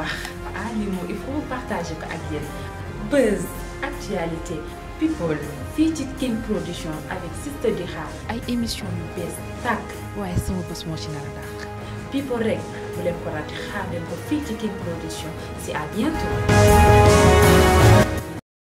wax ah il faut partager avec. ak buzz actualité people fi ci King Production avec Sister Diakha ay émission yu bees tàkk waaye sama bés moo ci nar a people rek bu leen ko raté xaar leen ko fii ci King Production si à bientôt